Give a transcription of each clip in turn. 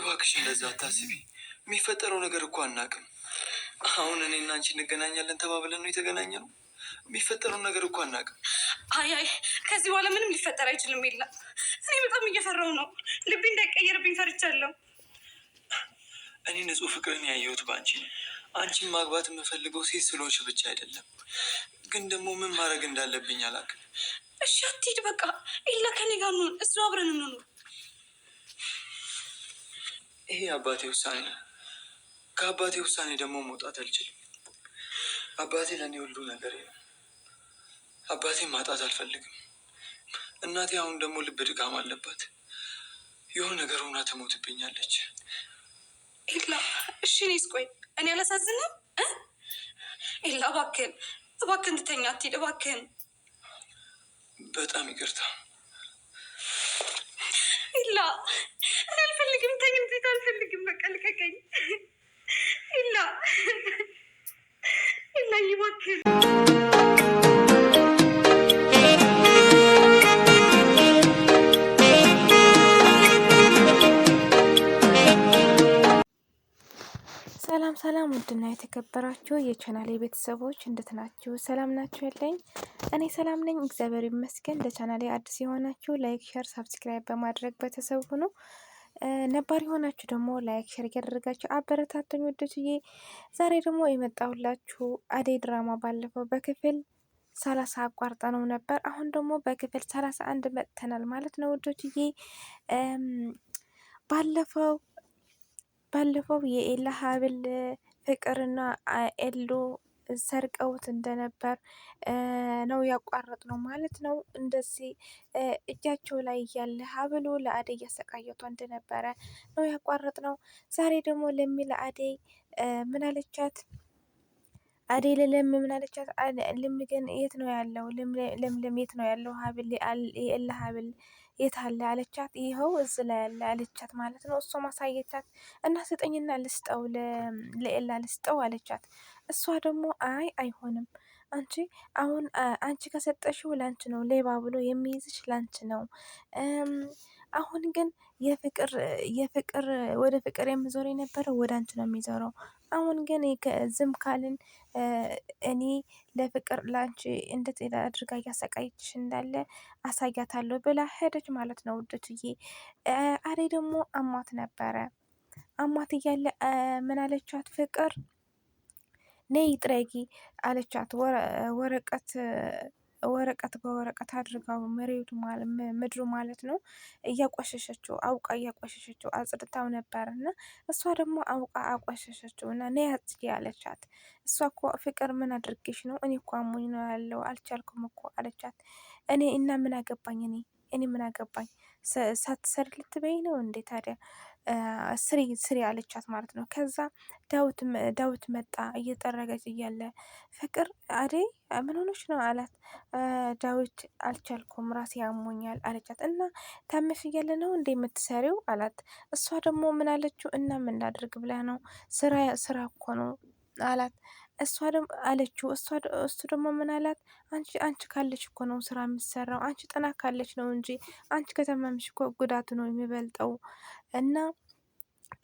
እባክሽ እንደዛ አታስቢ። የሚፈጠረው ነገር እኮ አናቅም አሁን እና አንቺ እንገናኛለን ተባብለን ነው የተገናኘ ነው። የሚፈጠረውን ነገር እኮ አናቅም አይ አይ፣ ከዚህ በኋላ ምንም ሊፈጠር አይችልም። የለም እኔ በጣም እየፈራው ነው። ልቤ እንዳይቀየርብኝ ፈርቻለሁ። እኔ ንጹህ ፍቅርን ያየሁት በአንቺ ነው። አንቺን ማግባት የምፈልገው ሴት ስለሆንሽ ብቻ አይደለም፣ ግን ደግሞ ምን ማድረግ እንዳለብኝ አላውቅም። እሺ፣ አትሂድ በቃ። ኢላ ከኔ ጋር እሱ አብረን እንኑር ይሄ አባቴ ውሳኔ ነው። ከአባቴ ውሳኔ ደግሞ መውጣት አልችልም። አባቴ ለእኔ ሁሉ ነገር ነው። አባቴ ማጣት አልፈልግም። እናቴ አሁን ደግሞ ልብ ድካም አለባት። የሆነ ነገር ሆና ትሞትብኛለች። ኤላ እሺ፣ እኔስ ቆይ እኔ አላሳዝንም። ኤላ እባክህን፣ እባክህን ትተኛ አትሂድ፣ እባክህን። በጣም ይቅርታ ኤላ ልቀኝ እንዴት አልፈልግም። በቃ ልቀቀኝ። ኢላ ኢላ ይባክል ሰላም ሰላም፣ ውድና የተከበራችሁ የቻናሌ ቤተሰቦች እንዴት ናችሁ? ሰላም ናችሁ? ያለኝ እኔ ሰላም ነኝ፣ እግዚአብሔር ይመስገን። ለቻናሌ አዲስ የሆናችሁ ላይክ፣ ሸር፣ ሳብስክራይብ በማድረግ ቤተሰብ ሁኑ። ነባር የሆናችሁ ደግሞ ላይክ ሸር እያደረጋችሁ አበረታተኝ ወደችዬ። ዛሬ ደግሞ የመጣሁላችሁ አደይ ድራማ ባለፈው በክፍል ሰላሳ አቋርጠ ነው ነበር። አሁን ደግሞ በክፍል ሰላሳ አንድ መጥተናል ማለት ነው ወደችዬ። ባለፈው ባለፈው የኤላ ሀብል ፍቅርና ኤሎ ሰርቀውት እንደነበር ነው ያቋረጥ ነው ማለት ነው። እንደዚህ እጃቸው ላይ እያለ ሀብሉ ለአደይ እያሰቃየቷ እንደነበረ ነው ያቋረጥ ነው። ዛሬ ደግሞ ለሚ ለአደይ ምን አለቻት? ለለም ምን አለቻት? ለም ግን የት ነው ያለው? ለምለም የት ነው ያለው? ሀብል የለ ሀብል አለ አለቻት። ይኸው እዚ ላይ ያለ አለቻት ማለት ነው። እሷ ማሳየቻት እና ስጠኝና ልስጠው ለኤላ ልስጠው አለቻት። እሷ ደግሞ አይ አይሆንም አንቺ አሁን አንቺ ከሰጠሽው ላንች ነው ሌባ ብሎ የሚይዝሽ ላንች ነው። አሁን ግን የፍቅር የፍቅር ወደ ፍቅር የምዞር የነበረው ወደ አንቺ ነው የሚዞረው አሁን ግን ዝም ካልን እኔ ለፍቅር ላንቺ እንዴት አድርጋ እያሰቃየችሽ እንዳለ አሳያታለሁ ብላ ሄደች ማለት ነው ውድትዬ። አሬ ደግሞ አሟት ነበረ። አሟት እያለ ምን አለቻት ፍቅር ነይ ጥረጊ አለቻት ወረቀት ወረቀት በወረቀት አድርጋው መሬቱ ምድሩ ማለት ነው እያቆሸሸችው አውቃ እያቆሸሸችው አጽድታው ነበር እና እሷ ደግሞ አውቃ አቆሸሸችው እና ነይ አጽጂ አለቻት። እሷ እኮ ፍቅር ምን አድርግሽ ነው እኔ እኮ አሞኝ ነው ያለው አልቻልኩም እኮ አለቻት። እኔ እና ምን አገባኝ እኔ እኔ ምን አገባኝ ሳትሰር ልትበይ ነው እንዴ ታዲያ ስሪ ስሪ አለቻት ማለት ነው። ከዛ ዳዊት መጣ እየጠረገች እያለ ፍቅር አደይ ምን ሆነች ነው አላት። ዳዊት አልቻልኩም ራሴ ያሞኛል አለቻት። እና ታመሽ እያለ ነው እንደ የምትሰሪው አላት። እሷ ደግሞ ምን አለችው? እና ምን ላድርግ ብላ ነው ስራ እኮ ነው አላት። እሷ ደግሞ አለችው እሱ ደግሞ ምን አላት? አንቺ አንቺ ካለች እኮ ነው ስራ የምትሰራው አንቺ ጥና ካለች ነው እንጂ አንቺ ከተማምሽ እኮ ጉዳቱ ነው የሚበልጠው እና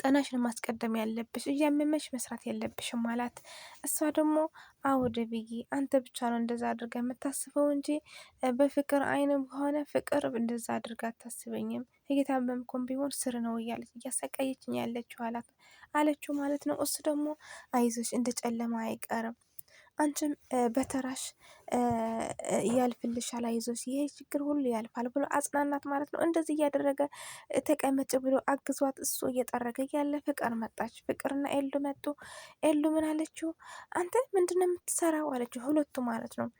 ጤናሽን ማስቀደም ያለብሽ እያመመሽ መስራት የለብሽም አላት። እሷ ደግሞ አዎ ደብዬ አንተ ብቻ ነው እንደዛ አድርጋ የምታስበው እንጂ በፍቅር አይን ከሆነ ፍቅር እንደዛ አድርጋ አታስበኝም፣ እየታመምኩም ቢሆን ስር ነው እያለች እያሰቃየችኝ ያለችው አላት አለችው ማለት ነው። እሱ ደግሞ አይዞሽ እንደ ጨለማ አይቀርም አንቺም በተራሽ ያልፍልሻል፣ አይዞሽ፣ ይሄ ችግር ሁሉ ያልፋል ብሎ አጽናናት ማለት ነው። እንደዚህ እያደረገ ተቀመጭ ብሎ አግዟት እሱ እየጠረገ እያለ ፍቅር መጣች። ፍቅርና ኤሉ መጡ። ኤሉ ምን አለችው? አንተ ምንድነው የምትሰራው አለችው። ሁለቱ ማለት ነው።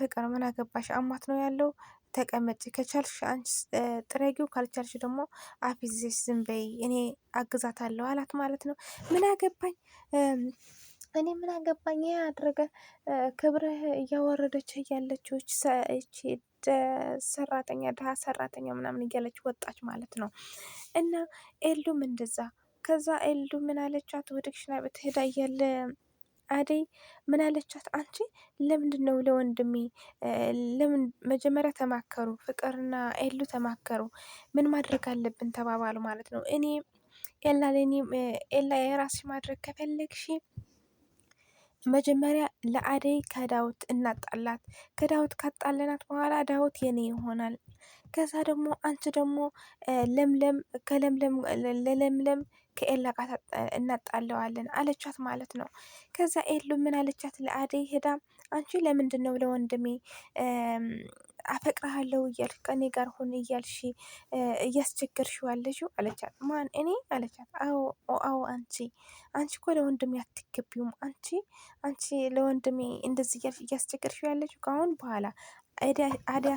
ፍቅር ምን አገባሽ አሟት ነው ያለው ተቀመጭ ከቻልሽ አንቺ ጥረጊው፣ ካልቻልሽ ደግሞ አፊዜሽ ዝም በይ፣ እኔ አግዛታለሁ አላት ማለት ነው። ምን አገባኝ እኔ ምን አገባኝ አድረገ ክብርህ እያወረደች እያለችች ሰች ሰራተኛ ድሀ ሰራተኛ ምናምን እያለች ወጣች ማለት ነው። እና ኤልዱም እንደዛ ከዛ ኤልዱ ምን አለቻት? ወደ ክሽና ቤት ሄዳ እያለ አደይ ምን አለቻት? አንቺ ለምንድን ነው ለወንድሜ ለምን መጀመሪያ ተማከሩ፣ ፍቅርና ኤሉ ተማከሩ፣ ምን ማድረግ አለብን ተባባሉ ማለት ነው። እኔ ኤላ ለእኔ ኤላ የራስሽ ማድረግ ከፈለግሽ መጀመሪያ ለአደይ ከዳዊት እናጣላት። ከዳዊት ካጣለናት በኋላ ዳዊት የኔ ይሆናል። ከዛ ደግሞ አንቺ ደግሞ ለምለም ከለምለም ለለምለም ከኤላ ጋር እናጣለዋለን አለቻት ማለት ነው። ከዛ ኤሉ ምን አለቻት? ለአደይ ሄዳ አንቺ ለምንድን ነው ለወንድሜ አፈቅረሃለው እያልሽ ከኔ ጋር ሆን እያልሽ እያስቸገርሽው ያለሽው አለቻት። ማን እኔ አለቻት። አዎ አዎ አንቺ አንቺ እኮ ለወንድሜ አትገቢውም። አንቺ አንቺ ለወንድሜ እንደዚህ እያልሽ እያስቸገርሽው ያለሽው ከአሁን በኋላ አደይ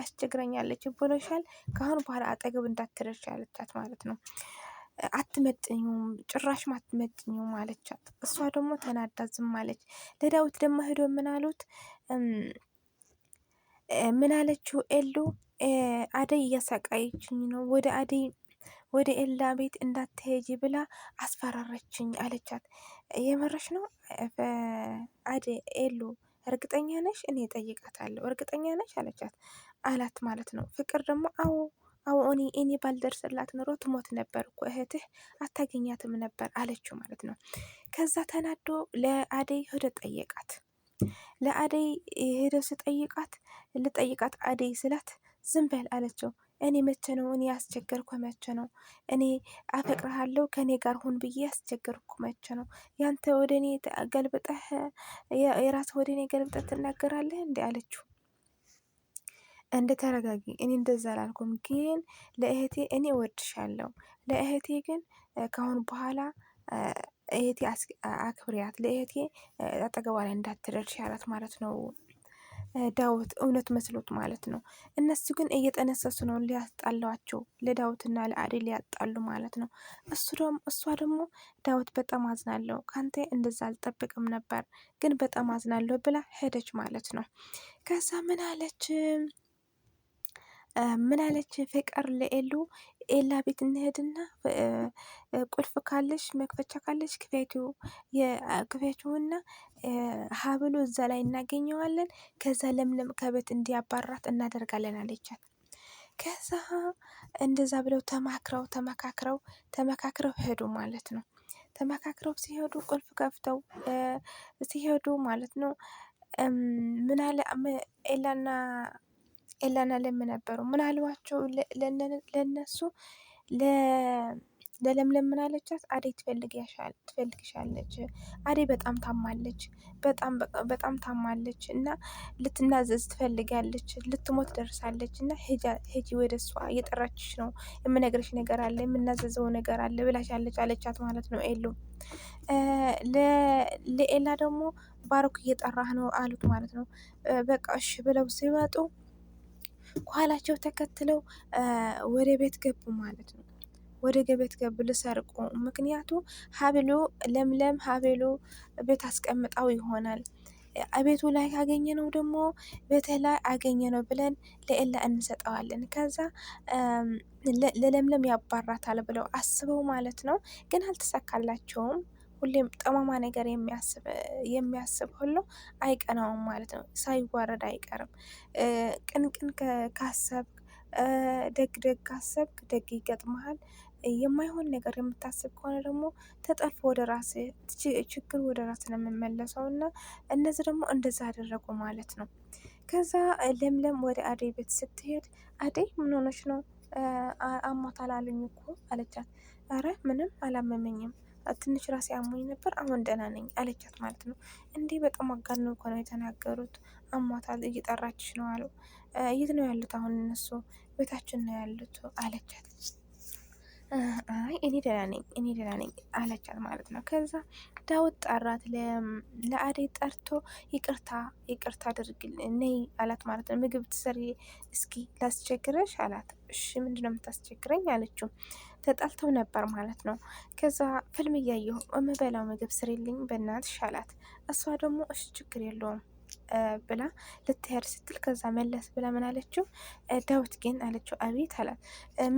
አስቸግራኛለች ብሎሻል። ከአሁን በኋላ አጠገብ እንዳትደርሽ አለቻት ማለት ነው። አትመጥኙም ጭራሽም አትመጥኙም አለቻት። እሷ ደግሞ ተናዳ ዝም አለች። ለዳዊት ደግሞ ሄዶ ምን አሉት? ምን አለችው ኤሉ አደይ እያሳቃየችኝ ነው ወደ አደይ ወደ ኤላ ቤት እንዳትሄጂ ብላ አስፈራረችኝ አለቻት። የመረሽ ነው አደይ ኤሉ እርግጠኛ ነሽ? እኔ ጠይቃታለሁ። እርግጠኛ ነሽ አለቻት አላት ማለት ነው። ፍቅር ደግሞ አዎ አዎ እኔ እኔ ባልደርስላት ኑሮ ትሞት ነበር እኮ እህትህ አታገኛትም ነበር አለችው ማለት ነው። ከዛ ተናዶ ለአደይ ሄዶ ጠየቃት። ለአደይ ሄደው ስጠይቃት ልጠይቃት አደይ ስላት ዝም በል አለችው። እኔ መቼ ነው እኔ ያስቸገርኩ መቼ ነው እኔ አፈቅርሃለሁ ከእኔ ጋር ሁን ብዬ ያስቸገርኩ መቼ ነው ያንተ ወደ እኔ ገልብጠህ የራስ ወደ እኔ ገልብጠህ ትናገራለህ እንዴ አለችው። እንደ ተረጋጊ፣ እኔ እንደዛ አላልኩም፣ ግን ለእህቴ እኔ እወድሻለሁ፣ ለእህቴ ግን ከአሁን በኋላ እህቴ አክብሪያት፣ ለእህቴ አጠገቧ ላይ እንዳትደርሽ ያላት ማለት ነው። ዳዊት እውነት መስሎት ማለት ነው። እነሱ ግን እየጠነሰሱ ነው ሊያጣሏቸው፣ ለዳዊትና ለአደይ ሊያጣሉ ማለት ነው። እሱ እሷ ደግሞ ዳዊት በጣም አዝናለሁ፣ ካንተ እንደዛ አልጠብቅም ነበር፣ ግን በጣም አዝናለሁ ብላ ሄደች ማለት ነው። ከዛ ምን አለች? ምን አለች ፍቅር ለኤሉ ኤላ ቤት እንሄድና ቁልፍ ካለሽ መክፈቻ ካለሽ ክፈቺውና ሀብሉ እዛ ላይ እናገኘዋለን። ከዛ ለምለም ከቤት እንዲያባራት እናደርጋለን አለቻት። ከዛ እንደዛ ብለው ተማክረው ተመካክረው ተመካክረው ሄዱ ማለት ነው። ተመካክረው ሲሄዱ ቁልፍ ከፍተው ሲሄዱ ማለት ነው አለ ኤላና ኤላና ለም ነበሩ። ምን አልባቸው ለእነሱ ለለምለም ምን አለቻት? አደይ ትፈልግሻለች። አደይ በጣም ታማለች፣ በጣም ታማለች እና ልትናዘዝ ትፈልጋለች፣ ልትሞት ደርሳለች እና ሂጂ ወደ እሷ እየጠራችሽ ነው፣ የምነግርሽ ነገር አለ፣ የምናዘዘው ነገር አለ ብላሻለች አለቻት ማለት ነው። ኤሉ ለኤላ ደግሞ ባሮክ እየጠራህ ነው አሉት ማለት ነው። በቃ እሺ ብለው ሲመጡ ከኋላቸው ተከትለው ወደ ቤት ገቡ ማለት ነው። ወደ ገቤት ገቡ ልሰርቁ። ምክንያቱ ሀብሉ ለምለም ሀብሉ ቤት አስቀምጣው ይሆናል። አቤቱ ላይ ካገኘ ነው ደግሞ ቤተ ላይ አገኘ ነው ብለን ለኤላ እንሰጠዋለን። ከዛ ለለምለም ያባራታል ብለው አስበው ማለት ነው። ግን አልተሳካላቸውም። ሁሌም ጠማማ ነገር የሚያስብ ሁሉ አይቀናውም ማለት ነው። ሳይዋረድ አይቀርም። ቅንቅን ካሰብክ፣ ደግ ደግ ካሰብክ ደግ ይገጥመሃል። የማይሆን ነገር የምታስብ ከሆነ ደግሞ ተጠልፎ ወደ ራስ ችግር ወደ ራስ ነው የምመለሰው እና እነዚህ ደግሞ እንደዛ አደረጉ ማለት ነው። ከዛ ለምለም ወደ አደይ ቤት ስትሄድ አደይ ምን ሆነች ነው አሟታል አሉኝ እኮ አለቻት። ኧረ ምንም አላመመኝም ትንሽ ራሴ አሞኝ ነበር፣ አሁን ደህና ነኝ አለቻት ማለት ነው። እንዲህ በጣም አጋነው እኮ ነው የተናገሩት፣ አሟታል፣ እየጠራችሽ ነው አለው። የት ነው ያሉት አሁን እነሱ? ቤታችን ነው ያሉት አለቻት። አይ እኔ ደህና ነኝ እኔ ደህና ነኝ አለቻት ማለት ነው። ከዛ ዳዊት ጠራት፣ ለአደይ ጠርቶ ይቅርታ ይቅርታ አድርግልኝ ነይ አላት ማለት ነው። ምግብ ትሰሪ እስኪ ላስቸግረሽ አላት። እሺ ምንድነው የምታስቸግረኝ አለችው። ተጣልተው ነበር ማለት ነው። ከዛ ፊልም እያየሁ የምበላው ምግብ ስሪልኝ በእናትሽ አላት። እሷ ደግሞ እሺ ችግር የለውም ብላ ልትሄድ ስትል ከዛ መለስ ብላ ምን አለችው? ዳዊት ግን አለችው። አቤት አላት።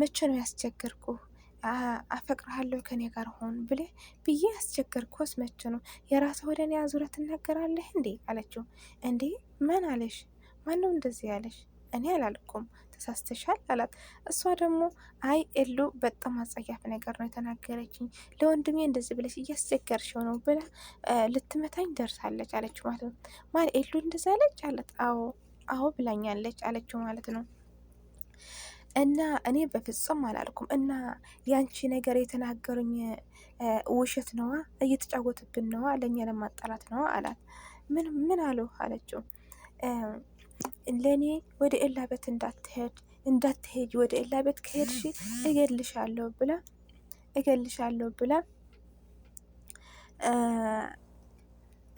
መቼ ነው ያስቸግርኩ አፈቅርሃለሁ ከኔ ጋር ሆን ብለህ ብዬ አስቸገርኩስ መቼ ነው? የራስ ወደ እኔ አዙረህ ትናገራለህ እንዴ አለችው። እንዴ ምን አለሽ? ማነው እንደዚህ ያለሽ? እኔ አላልኩም ተሳስተሻል አላት። እሷ ደግሞ አይ ኤሉ በጣም አጸያፍ ነገር ነው የተናገረችኝ፣ ለወንድሜ እንደዚህ ብለሽ እያስቸገርሽው ነው ብላ ልትመታኝ ደርሳለች አለችው ማለት ነው። ማለት እሉ እንደዚህ አለች አላት። አዎ አዎ ብላኛለች አለችው ማለት ነው። እና እኔ በፍጹም አላልኩም። እና ያንቺ ነገር የተናገሩኝ ውሸት ነዋ፣ እየተጫወትብን ነዋ፣ ለእኛ ለማጣላት ነዋ አላት። ምን ምን አሉ አለችው። ለእኔ ወደ ኤላ ቤት እንዳትሄድ እንዳትሄጅ ወደ ኤላ ቤት ከሄድሽ እገልሻለሁ ብላ እገልሻለሁ ብላ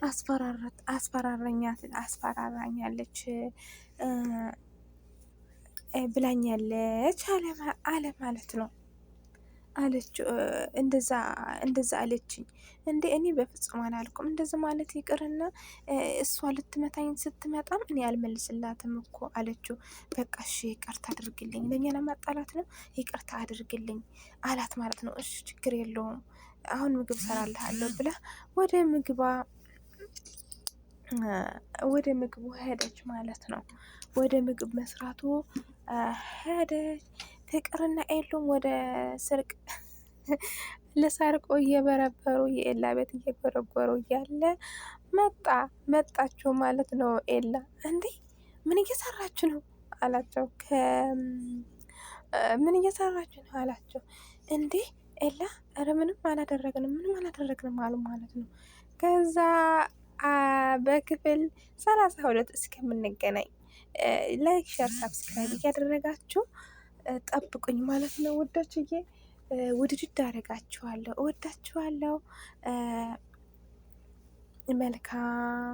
አስፈራራት አስፈራረኛት አስፈራራኛለች። ብላኛለች አለ ማለት ነው አለች እንደዛ እንደዛ አለችኝ እንዴ? እኔ በፍጹም አላልኩም። እንደዚህ ማለት ይቅርና እሷ ልትመታኝ ስትመጣም እኔ አልመልስላትም እኮ አለችው። በቃ እሺ ይቅርታ አድርግልኝ፣ ለእኛ ለማጣላት ነው ይቅርታ አድርግልኝ አላት ማለት ነው። እሺ ችግር የለውም አሁን ምግብ ሰራልሃለሁ ብላ ወደ ምግባ ወደ ምግቡ ሄደች ማለት ነው። ወደ ምግብ መስራቱ ሄደ። ፍቅርና ኤሉም ወደ ስርቅ ለሰርቆ እየበረበሩ የኤላ ቤት እየጎረጎሩ እያለ መጣ መጣችሁ ማለት ነው። ኤላ እንዴ ምን እየሰራችሁ ነው አላቸው። ምን እየሰራችሁ ነው አላቸው። እንዴ ኤላ ኧረ ምንም አላደረግንም ምንም አላደረግንም አሉ ማለት ነው። ከዛ በክፍል ሰላሳ ሁለት እስከምንገናኝ ላይክ፣ ሸር፣ ሳብስክራይብ እያደረጋችሁ ጠብቁኝ ማለት ነው ውዶችዬ። ውድድድ አደረጋችኋለሁ፣ እወዳችኋለሁ። መልካም